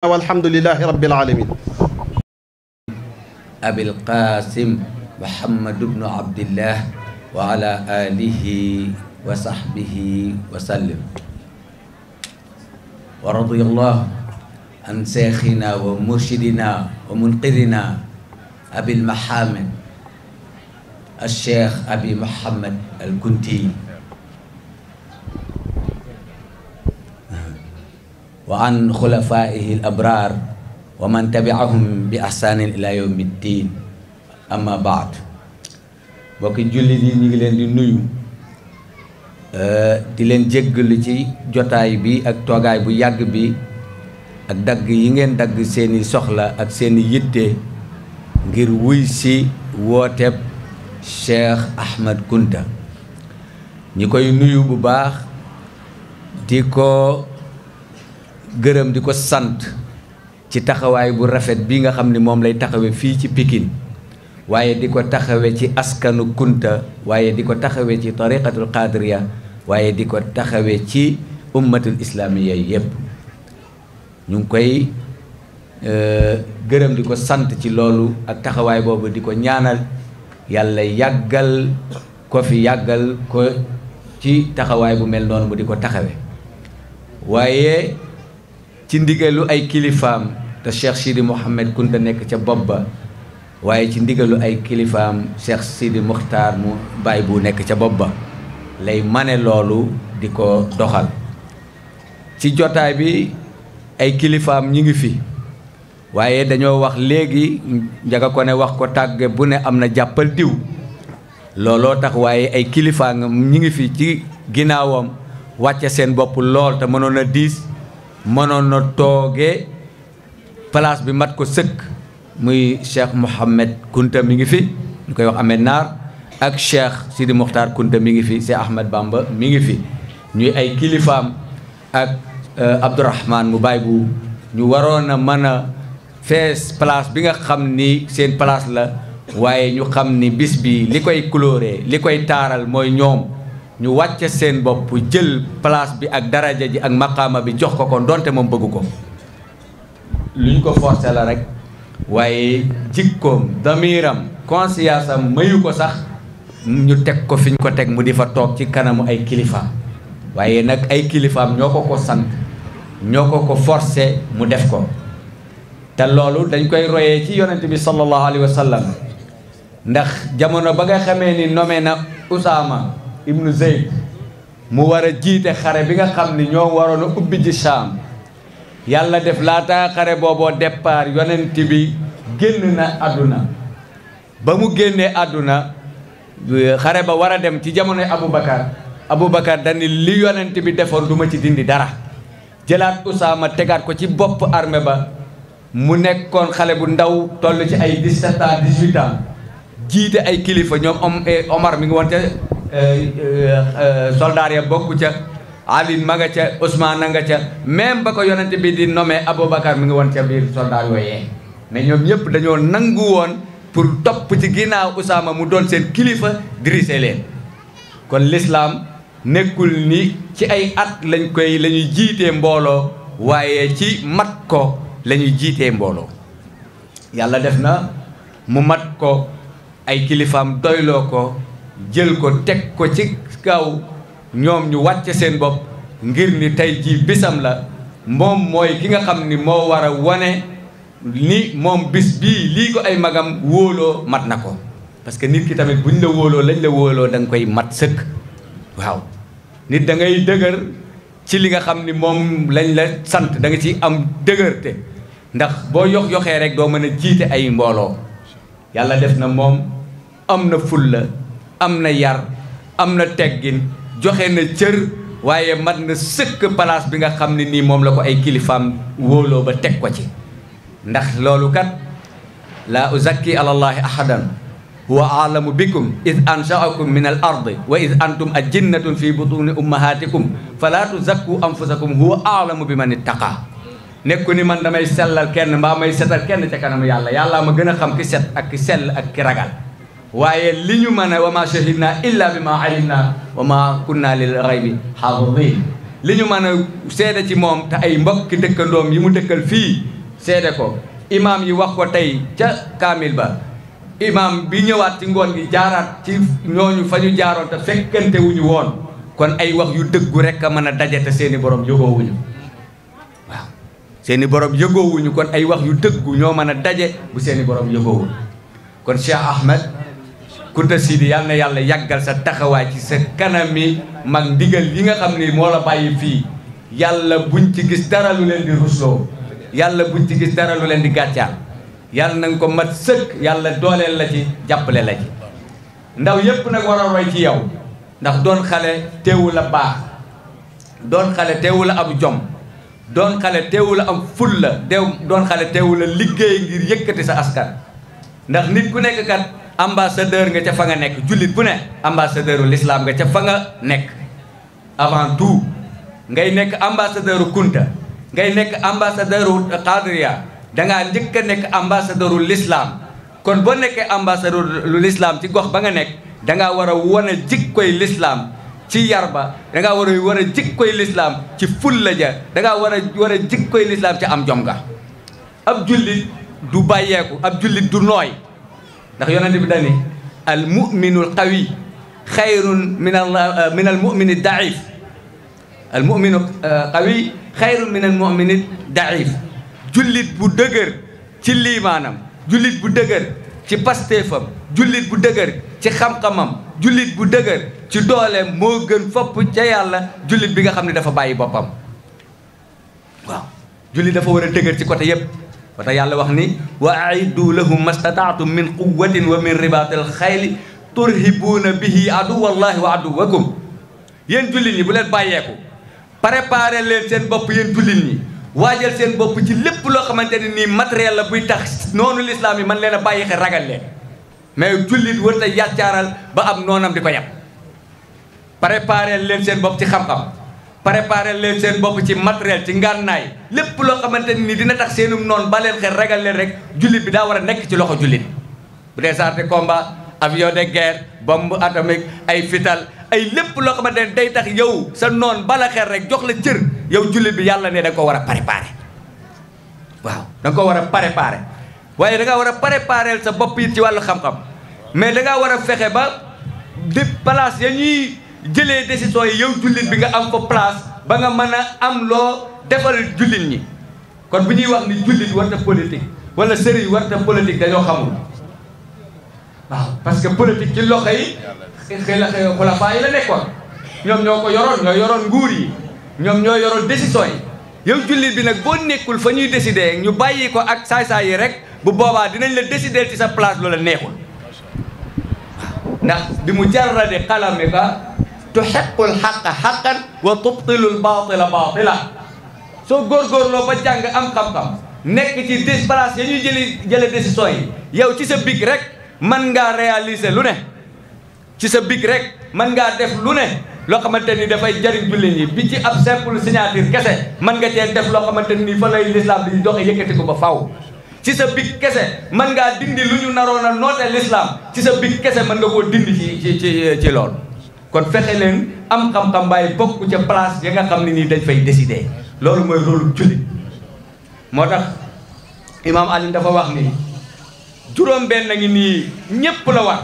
والحمد لله رب العالمين أبي القاسم محمد بن عبد الله وعلى آله وصحبه وسلم ورضي الله عن شيخنا ومرشدنا ومنقذنا أبي المحامد الشيخ أبي محمد الكنتي وعن خلفائه الأبرار ومن تبعهم بأحسان إلى يوم الدين أما بعد بكي جولي دي نيغي لين دي نويو euh دي لين جيغل سي جوتاي بي اك توغاي بو ياغ بي اك داغ يي نين داغ سيني سوخلا اك سيني ييتي غير وي سي ووتيب شيخ احمد كونتا نيكوي نويو بو باخ ديكو gërëm di ko sant ci taxawaay bu rafet bi nga xam ni moom lay taxawe fii ci Pikine waaye di ko taxawe ci askanu Kunta waaye di ko taxawe ci tariqatul qadiriya waaye di ko taxawe ci ummatul islamiya yépp ñu ngi koy euh, gërëm di ko sant ci loolu ak taxawaay boobu di ko ñaanal yàlla yàggal ko fi yàggal ko ci taxawaay bu mel noonu mu di ko taxawe waaye ci ndigalu ay kilifaam te Cheikh Sidi mohammed Kunta nek ca bopp ba waaye ci ndigalu ay kilifaam Cheikh Sidi mukhtar mu baay bu nek ca bopp ba lay mane lolu di ko doxal ci jotay bi ay kilifaam ñi ngi fi waye dañu wax legi jaga ko ne wax ko tagge bu ne am na diw lolo tax waye ay kilifa ñi ngi fi ci ginaawam wacce seen bop lool te mënon na 10 mënoon na toogee place bi mat ko sëkk muy cheikh Mouhamed Kunta mi ngi fi ñu koy wax Ahmed Naar ak cheikh Sidi Mokhtar Kunta mi ngi fi si Ahmed Bamba mi ngi fi ñuy ay kilifaam ak euh, Abdourahman mu bàyyi bu ñu waroon a mën a fees place bi nga xam ni seen place la waaye ñu xam ni bis bi li koy coloré li koy taaral mooy ñoom. ñu wacce seen bopp jël place bi ak daraja ji ak maqama bi jox ko kon donte mom bëgg ko luñ ko forcé la rek waye jikkom damiram conscience am mayu ko sax ñu tek ko fiñ ko tek mu difa fa ci kanamu ay kilifa waye nak ay kilifa am ñoko ko sant ñoko ko forcé mu def ko té loolu dañ koy royé ci yonent bi sallallahu alaihi wasallam ndax jamono ba nga xamé ni nomé na usama ibnu zeyd mu war a jiite xare bi nga xam ni ñoo waroon a ubbi ji saam yàlla def laata xare booboo départ yonent bi génn na àdduna ba mu génnee àdduna xare ba war a dem ci jamonoy Aboubacar Aboubacar dani li yonent bi defoon du ma ci dindi dara jëlaat Usaama tegaat ko ci bopp armée ba mu nekkoon xale bu ndaw toll ci ay 17 ans jiite ay kilifa ñoom eh, Omar mi ngi woon Eh, eh, eh, soldaar ya bokku ca Alioune ma nga ca Ousmane nga ca même ba ko yonent bi di nommé Aboubacar mu ngi woon ca biir soldaar yooyee mais ñoom ñëpp dañoo nangu woon pour topp ci ginnaaw Usaama mu doon seen kilifa dirise leen kon lislaam nekkul ni ci ay at lañ koy lañuy jiite mbooloo waaye ci mat ko lañuy jiite mbooloo yàlla def na mu mat ko ay kilifaam doyloo ko jël ko teg ko ci kaw ñoom ñu wàcce seen bopp ngir ni tey jii bisam la moom mooy ki nga xam ni moo war a wane ni moom bis bii lii ko ay magam wóoloo mat na ko parce que nit ki tamit bu ñu la wóoloo lañ la wóoloo danga koy mat sëkk waaw nit da dëgër ci li nga xam ni moom lañ la sant danga ci am dëgërte ndax boo yox-yoxee rek doo mën a jiite ay mbooloo yàlla def na moom am na ful la am na yar am na teggin joxe na cër waaye mat na sëkk place bi nga xam ne nii moom la ko ay kilifaam wóoloo ba teg ko ci ndax loolu kat laa uzakki alallaahi ahadan huwa aalamu bikum id anshaakum min al ardi wa id antum ajinnatun fi butuni ummahatikum falaa tuzakku anfusakum huwa aalamu bi man ittaqa nekku ni man damay sellal kenn mbaa may setal kenn ca kanam yàlla yàllaa ma gën a xam ki set ak ki sell ak ki ragal waye liñu ñu mën wa ma shahidna illa bima alimna wa ma kunna lil ghaybi xaafidin liñu ñu sédé ci mom ta ay mbokk dekkandom yi mu dëkkal fi sédé ko imam yi wax ko tay ca kamil ba imam bi ñëwaat ci ngon gi jaaraat ci ñoñu fañu jaaroon ta fekkante wuñu woon kon ay wax yu dëggu rek ka mëna daje ta seeni borom yëgoowuñu waaw seeni borom jogo wuñu kon ay wax yu dëggu ñoo mëna daje bu seeni borom jogo wuñu kon Cheikh Ahmed Kunta Sidi yàlla na yàlla yàggal sa taxawaay ci sa mi mag ndigal yi nga xam ni moo la bàyyi fii yàlla buñ ci gis dara lu leen di rusloo yàlla buñ ci gis dara lu leen di gàccaal yàlla na nga ko mat sëkk yàlla dooleel la ci jàppale la ci ndaw yépp nag war a roy ci yow ndax doon xale teewu la baax doon xale teewu la am jom doon xale teewu la am ful la doon xale teewu la liggéey ngir yëkkati sa askan ndax nit ku nekk kat ambassadeur nga ca fa nga nek julit bu ne ambassadeur l'islam nga ca fa nga nek avant tout ngay nek ambassadeur kunta ngay nek ambassadeur qadriya da nga a nek ambassadeur l'islam kon bo nek ambassadeur l'islam ci gox ba nga nekk dangaa war a wane jikkoy l'islam ci yarba da nga wara war jikkoy l'islam ci fulla ja da nga wara wara jikkoy l'islam ci am jom nga ab julit du bayeku ab julit du noy ndax yonent bi dani al muminul qawi xayrun min al min al mu'min al daif al muminu qawi xayrun min al mu'min al daif julit bu deuguer ci limanam julit bu deuguer ci pastefam julit bu deuguer ci xam-xamam julit bu deuguer ci dooleem mo gën fop ci yàlla julit bi nga xamni dafa bàyyi bopam waaw julit dafa wara deuguer ci côté yépp ba yàlla wax nii wa aiddu lahum mastataatum min quwatin wa min ribatil xayli turhibuuna bihi aduwallahi wa aduwakum yéen jullit ñi bu leen bàyyeeku préparé leen seen bopp yéen jullit ñi waajal seen bopp ci lépp loo xamante ne nii matériel la buy tax noonu lislaam yi man leen a bàyyi ragal leen mais jullit wër ta yàccaaral ba am noonam di ko yàpp préparé leen seen bopp ci xam-xam préparer le sen bopp ci matériel ci ngannaay lepp lo xamanteni ni dina tax senum non ba leen xel ragal leen rek julit bi da wara nek ci loxo julit bu combat avion de guerre bombe atomique ay fital ay lepp lo xamanteni day tax yow sa non bala xel rek jox la cër yow julit bi yalla ne da ko wara préparer waaw da ko wara préparer waye da nga wara préparer sa bop ci walu xam-xam mais da nga wara fexé ba di place ya jëlee décision yi yow jullit bi nga am ko place ba nga mën a am loo defal jullit ñi kon bu ñuy wax ni jullit warta politique wala sëriñ warta politique dañoo xamul waaw parce que politique ci loxo yi xëy na xulafaa yi la nekkoon ñoom ñoo ko yoroon ñoo yoroon nguur yi ñoom ñoo yoroon décision yi yow jullit bi nag boo nekkul fa ñuy décider ñu bàyyi ko ak saay-saay yi rek bu boobaa dinañ la décider ci sa place loola neexul ndax bi mu jarrade xalami ka tuhibbul haqqa haqqan wa tubtilul batila batila so gor gor lo ba jang am xam-xam nek ci disparage ya ñuy jëli jële décision yi yow ci sa big rek man nga réaliser lu ne ci sa big rek man nga def lu ne lo xamanteni da fay jariñ bi leñ bi ci ab simple signature kesse man nga ci def lo xamanteni fa lay l'islam di doxé yëkëti ko ba faaw ci sa big kesse man nga dindi lu ñu narona noté l'islam ci sa big kesse man nga ko dindi ci ci ci lool kon fexe leen am xam-xam bàyyi bokk ca place ya nga xam ne nii dañ fay décider loolu mooy rôle jullit moo tax imaam Alioune dafa wax ni juróom-benn ngi nii ñépp la war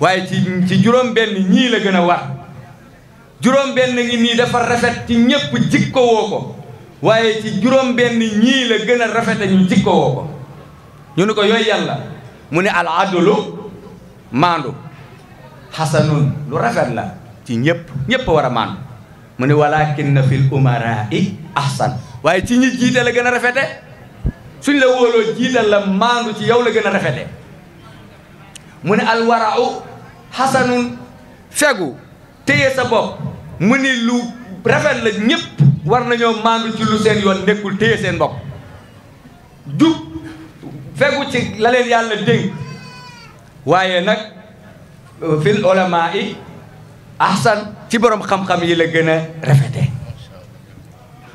waaye ci ci juróom-benn ñii la gën a war juróom-benn ngi nii rafet ci ñépp jikko woo ko waaye ci juróom-benn ñii la gën a rafet ñu jikko woo ko ñu ne ko yooy yàlla mu ni al adlu maandu xasanun lu rafet la ci ñëpp ñëpp war a maan mu ne walakin na fil umarai ahsan waaye ci ñi jiite la gën a rafete suñ la wóoloo jiital la maandu ci yow la gën a rafete mu ne alwarau xasanun fegu téye sa bopp mu ni lu rafet la ñëpp war nañoo maandu ci lu seen yoon nekkul téye seen bopp jub fegu ci la leen yàlla dénk waaye nag fil ulama yi ahsan ci borom xam-xam yi la gën rafete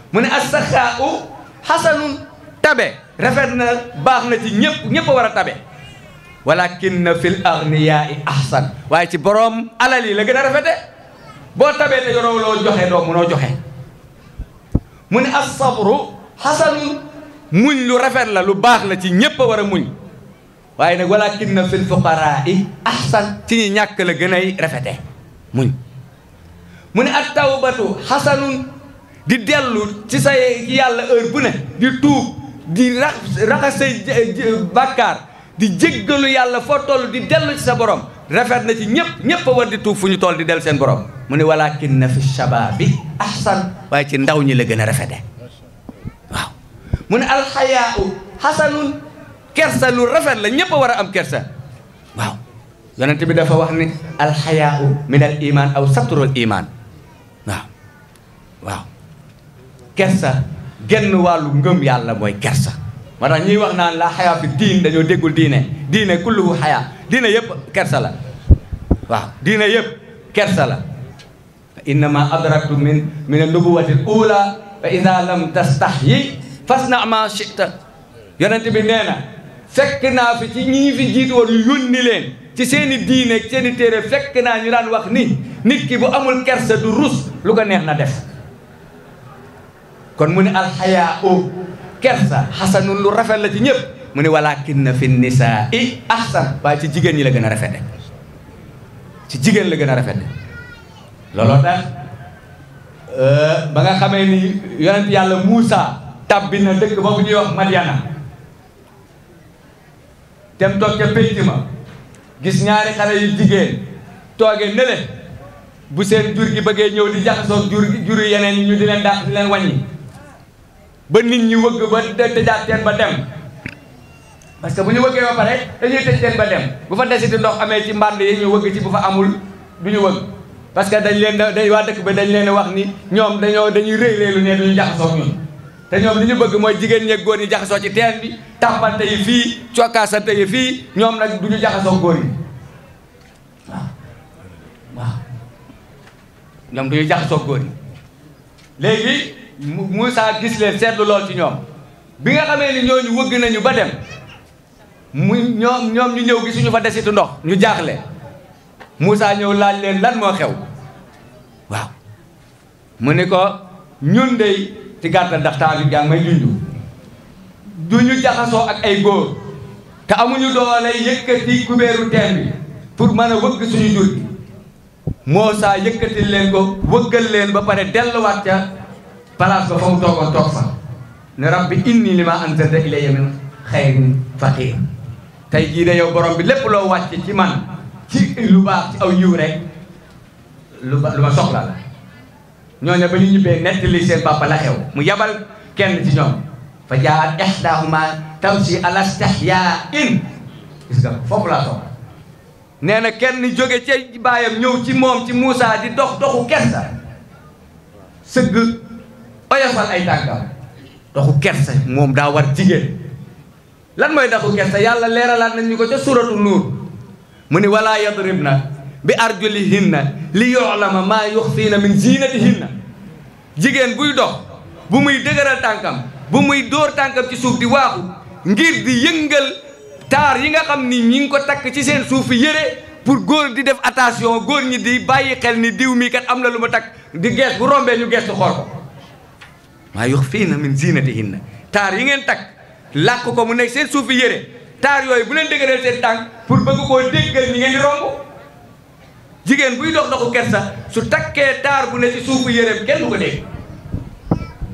mu ne assaxaa u tabe rafet na baax na ci ñëpp ñëpp a tabe walakin na fil agniyaa ahsan waaye ci borom alal yi la gën a rafete boo tabee te yoroo loo joxe doo munoo joxe mu as sabru xasanun muñ lu rafet la lu baax la ci ñëpp a muñ waaye nag walakinna fil fuqarai ahsan ci ñi ñàkk la gën ay rafete muñ mu ne at tawbatu xasanun di dellu ci sa yàlla heure bu ne di tuub di ra raxas say bàkkaar di jéggalu yàlla foo toll di dellu ci sa borom rafet na ci ñëpp ñëpp a war di tuub fu ñu toll di dellu seen borom mu ne walaa walakinna fi shababi ahsan waaye ci ndaw ñi la gën a rafete waaw mu ne alxayaau xasanun kersa lu rafet la ñëpp a war a am kersa waaw yonent bi dafa wax ni alxayaau min al aw satrul iman waaw waaw kersa genn wàllu ngëm yàlla mooy kersa moo tax ñuy wax naan la xayaa fi diin dañoo déggul diine diine kulluhu xayaa diine yëpp kersa la waaw diine yëpp kersa la innama adraktu min min an-nubuwati al-ula fa ida lam tastahyi fasna ma shi'ta yonent bi nee fekk na fi ci ñi fi jitu won yoni len ci seeni diine ci seeni téere fekk na ñu daan wax ni nit ki bu amul kersa du rus lu ko neex na def kon mune ne haya'u o kersa hasanun lu rafet la ci ñepp mune ne walakin fi nisaa'i ahsan ba ci jigen ñi la gëna a rafete ci jigen la gëna a rafete looloo tax euh, ba nga xamé ni yonent yalla musa tabina deug dëkk boobu wax Madiana dem toog ca pénc ma gis ñaari xale yi jigéen tooge nële bu seen jur gi bëggee ñëw di jaxasoo jur jur yeneen ñu di leen dàq di leen wàññi ba nit ñi wëgg ba tëjaat teen ba dem parce que bu ñu wëggee ba pare dañuy tëj teen ba dem bu fa desiti ndox amee ci mbànd yi ñu wëgg ci bu fa amul du ñu wëgg parce que dañ leen dañ waa dëkk ba dañ leen wax ni ñoom dañoo dañuy rëy rëylu ne duñu jaxasoo ñun te ñoom li ñu bëgg mooy jigéen ñeeg góor ñi jaxasoo ci teen bi tàmbante yi fii cokkaasante yi fii ñoom nag du ñu jaxasoo góor yi ñoom du ñu jaxasoo yi léegi musaa gis leen seetlu lool ci ñoom bi nga xamee ni ñooñu wëgg nañu ba dem mu ñoom ñoom ñu ñëw gisuñu fa desitu ndox ñu jaaxle Moussa ñëw laaj leen lan moo xew waaw mu ni ko ñun dey ci gàttal ndax temps bi jàng may junj du ñu jaxasoo ak ay góor te amuñu doole yëkkati kubéeru teen bi pour mën a wëgg suñu jur gi Moussa leen ko wëggal leen ba pare delluwaat ca place ba fa mu toogoon toog fa ne rabbi inni li ma anzalta ilayya min xayrin faqir tey jii de yow borom bi lépp loo wàcc ci man ci lu baax ci aw yiw rek lu ba lu ma soxla ñooñu ba ñu ñibbee nettali seen papa la xew mu yabal kenn ci ñoom fa jaat ihdahuma tamsi ala istihyaa in gis nga foofu laa toog nee na kenn jóge ci baayam ñëw ci moom ci muusaa di dox doxu kersa sëgg oyofal ay tànkam doxu kersa moom daa war jigéen lan mooy doxu kersa yàlla leeralaat nañ ñu ko ca suratu nuur mu ni walaa yadrib na bi arjulihinna li yoolama maa na min ziinatihinna jigéen buy dox bu muy dëgëral tànkam bu muy dóor tànkam ci suuf di waaxu ngir di yëngal taar yi nga xam ni ñi ngi ko takk ci seen suuf yére pour góor di def attention góor ñi di bàyyi xel ni diw mii kat am na lu ma takk di gees bu rombee ñu gees di xool ko maa yuxfiina min ziinatihinna taar yi ngeen takk làkk ko mu nekk seen suuf yére taar yooyu bu leen dëgëral seen tànk pour bëgg koo déggal ñi ngeen jigéen buy dox doxu kersa su takkee taar bu nekk ci suufu yére kenn du ko dégg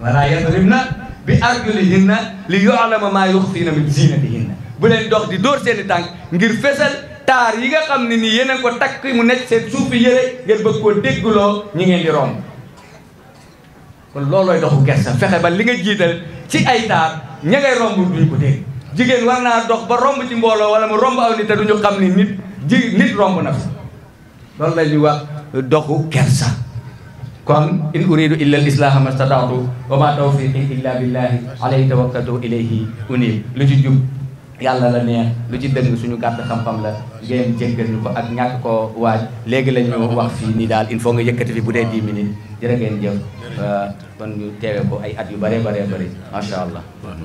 wala yadribna bi arjulihinna li yu'lama maa yuxfiina min ziinatihinna bu leen dox di dóor seen i tànk ngir fesal taar yi nga xam ne nii yeneen ko takk mu nekk seen suufu yére ngeen bëgg koo déggloo ñi ngeen di romb kon loolooy doxu gerte fexe ba li nga jiital ci ay taar ña ngay romb duñu ko dégg jigéen war naa dox ba romb ci mbooloo wala mu romb aw nit te duñu xam romb na fa loolu la ñuy wax doxu kersa kon in uridu illa al islaha mastataatu wa ma tawfiqi illa billahi alayhi tawakkaltu ilayhi unib lu ci jub yàlla la neex lu ci dëng suñu gàtt xam-xam la ngeen jéggal ñu ko ak ñàkk ko waaj léegi la ñu wax fii nii daal il faut nga yëkkati fi bu dee dix minutes jërë ngeen jëf kon ñu teewe ko ay at yu bëree bëree bëri macha allah